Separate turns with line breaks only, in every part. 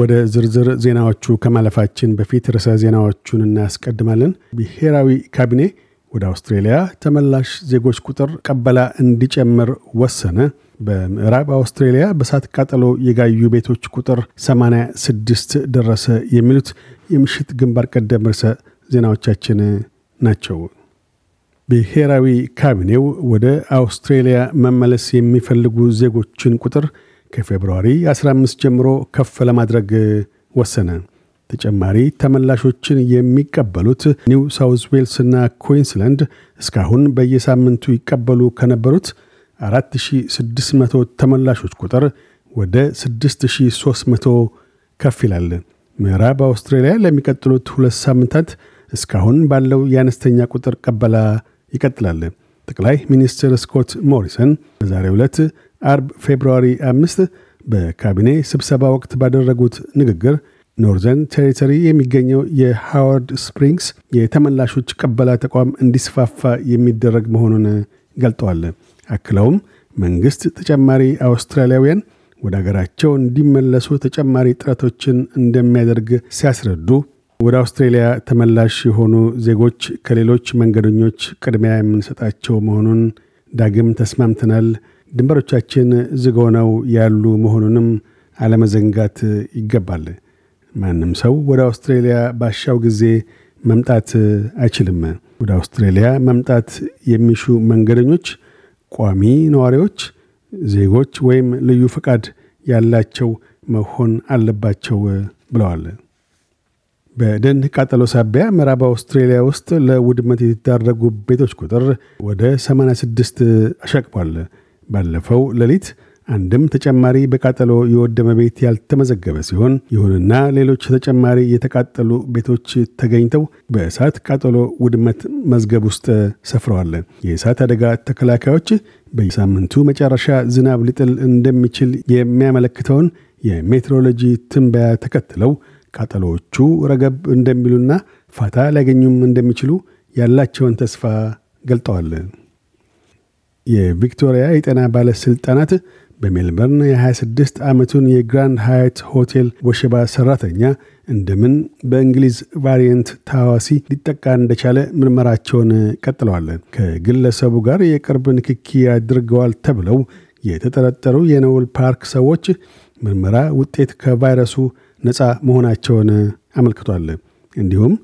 ወደ ዝርዝር ዜናዎቹ ከማለፋችን በፊት ርዕሰ ዜናዎቹን እናስቀድማለን። ብሔራዊ ካቢኔ ወደ አውስትሬልያ ተመላሽ ዜጎች ቁጥር ቀበላ እንዲጨምር ወሰነ። በምዕራብ አውስትሬልያ በሳት ቃጠሎ የጋዩ ቤቶች ቁጥር 86 ደረሰ። የሚሉት የምሽት ግንባር ቀደም ርዕሰ ዜናዎቻችን ናቸው። ብሔራዊ ካቢኔው ወደ አውስትሬልያ መመለስ የሚፈልጉ ዜጎችን ቁጥር ከፌብርዋሪ 15 ጀምሮ ከፍ ለማድረግ ወሰነ። ተጨማሪ ተመላሾችን የሚቀበሉት ኒው ዌልስ እና ኩንስላንድ እስካሁን በየሳምንቱ ይቀበሉ ከነበሩት 4600 ተመላሾች ቁጥር ወደ 6300 ከፍ ይላል። ምዕራብ አውስትራሊያ ለሚቀጥሉት ሁለት ሳምንታት እስካሁን ባለው የአነስተኛ ቁጥር ቀበላ ይቀጥላል። ጠቅላይ ሚኒስትር ስኮት ሞሪሰን በዛሬ ዕለት አርብ ፌብርዋሪ አምስት በካቢኔ ስብሰባ ወቅት ባደረጉት ንግግር ኖርዘርን ቴሪተሪ የሚገኘው የሃዋርድ ስፕሪንግስ የተመላሾች ቀበላ ተቋም እንዲስፋፋ የሚደረግ መሆኑን ገልጠዋል። አክለውም መንግሥት ተጨማሪ አውስትራሊያውያን ወደ አገራቸው እንዲመለሱ ተጨማሪ ጥረቶችን እንደሚያደርግ ሲያስረዱ ወደ አውስትሬሊያ ተመላሽ የሆኑ ዜጎች ከሌሎች መንገደኞች ቅድሚያ የምንሰጣቸው መሆኑን ዳግም ተስማምተናል። ድንበሮቻችን ዝግ ነው ያሉ መሆኑንም አለመዘንጋት ይገባል። ማንም ሰው ወደ አውስትሬሊያ ባሻው ጊዜ መምጣት አይችልም። ወደ አውስትሬሊያ መምጣት የሚሹ መንገደኞች፣ ቋሚ ነዋሪዎች፣ ዜጎች ወይም ልዩ ፈቃድ ያላቸው መሆን አለባቸው ብለዋል። በደን ቃጠሎ ሳቢያ ምዕራብ አውስትሬሊያ ውስጥ ለውድመት የተዳረጉ ቤቶች ቁጥር ወደ 86 አሻቅቧል። ባለፈው ሌሊት አንድም ተጨማሪ በቃጠሎ የወደመ ቤት ያልተመዘገበ ሲሆን ይሁንና ሌሎች ተጨማሪ የተቃጠሉ ቤቶች ተገኝተው በእሳት ቃጠሎ ውድመት መዝገብ ውስጥ ሰፍረዋል። የእሳት አደጋ ተከላካዮች በሳምንቱ መጨረሻ ዝናብ ሊጥል እንደሚችል የሚያመለክተውን የሜትሮሎጂ ትንበያ ተከትለው ቃጠሎዎቹ ረገብ እንደሚሉና ፋታ ሊያገኙም እንደሚችሉ ያላቸውን ተስፋ ገልጠዋል። የቪክቶሪያ የጤና ባለሥልጣናት በሜልበርን የ26 ዓመቱን የግራንድ ሃያት ሆቴል ወሸባ ሠራተኛ እንደምን በእንግሊዝ ቫሪየንት ታዋሲ ሊጠቃ እንደቻለ ምርመራቸውን ቀጥለዋል። ከግለሰቡ ጋር የቅርብ ንክኪ አድርገዋል ተብለው የተጠረጠሩ የነውል ፓርክ ሰዎች ምርመራ ውጤት ከቫይረሱ ነፃ መሆናቸውን አመልክቷል። እንዲሁም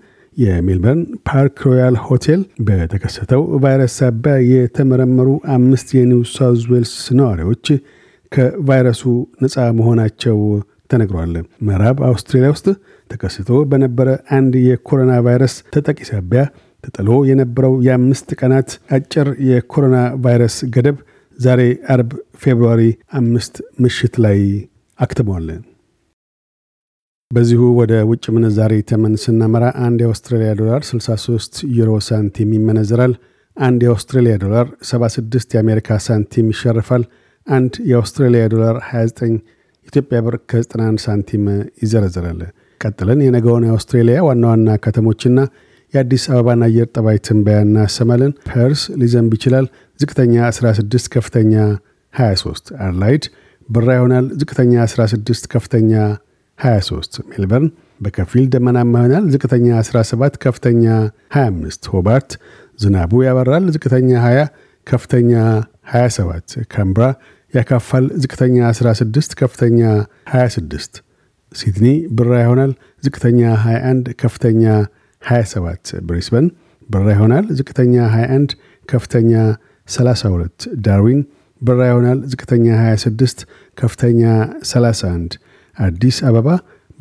የሜልበርን ፓርክ ሮያል ሆቴል በተከሰተው ቫይረስ ሳቢያ የተመረመሩ አምስት የኒው ሳውዝ ዌልስ ነዋሪዎች ከቫይረሱ ነፃ መሆናቸው ተነግሯል። ምዕራብ አውስትራሊያ ውስጥ ተከስቶ በነበረ አንድ የኮሮና ቫይረስ ተጠቂ ሳቢያ ተጥሎ የነበረው የአምስት ቀናት አጭር የኮሮና ቫይረስ ገደብ ዛሬ አርብ ፌብርዋሪ አምስት ምሽት ላይ አክትሟል። በዚሁ ወደ ውጭ ምንዛሪ ተመን ስናመራ አንድ የአውስትራሊያ ዶላር 63 ዩሮ ሳንቲም ይመነዝራል። አንድ የአውስትራሊያ ዶላር 76 የአሜሪካ ሳንቲም ይሸርፋል። አንድ የአውስትራሊያ ዶላር 29 ኢትዮጵያ ብር ከ91 ሳንቲም ይዘረዝራል። ቀጥለን የነገውን የአውስትሬሊያ ዋና ዋና ከተሞችና የአዲስ አበባን አየር ጠባይ ትንበያ እናሰማለን። ፐርስ ሊዘንብ ይችላል። ዝቅተኛ 16፣ ከፍተኛ 23። አድላይድ ብራ ይሆናል። ዝቅተኛ 16፣ ከፍተኛ 23 ሜልበርን በከፊል ደመናማ ይሆናል። ዝቅተኛ 17፣ ከፍተኛ 25። ሆባርት ዝናቡ ያበራል። ዝቅተኛ 20፣ ከፍተኛ 27። ካምብራ ያካፋል። ዝቅተኛ 16፣ ከፍተኛ 26። ሲድኒ ብራ ይሆናል። ዝቅተኛ 21፣ ከፍተኛ 27። ብሪስበን ብራ ይሆናል። ዝቅተኛ 21፣ ከፍተኛ 32። ዳርዊን ብራ ይሆናል። ዝቅተኛ 26፣ ከፍተኛ 31 አዲስ አበባ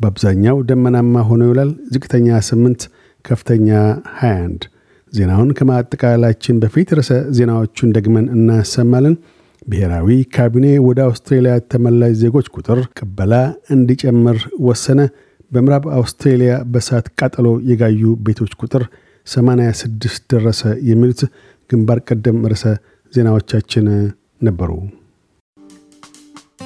በአብዛኛው ደመናማ ሆኖ ይውላል። ዝቅተኛ 8፣ ከፍተኛ 21። ዜናውን ከማጠቃላችን በፊት ርዕሰ ዜናዎቹን ደግመን እናሰማለን። ብሔራዊ ካቢኔ ወደ አውስትሬልያ ተመላሽ ዜጎች ቁጥር ቅበላ እንዲጨምር ወሰነ። በምዕራብ አውስትሬልያ በእሳት ቃጠሎ የጋዩ ቤቶች ቁጥር 86 ደረሰ። የሚሉት ግንባር ቀደም ርዕሰ ዜናዎቻችን ነበሩ።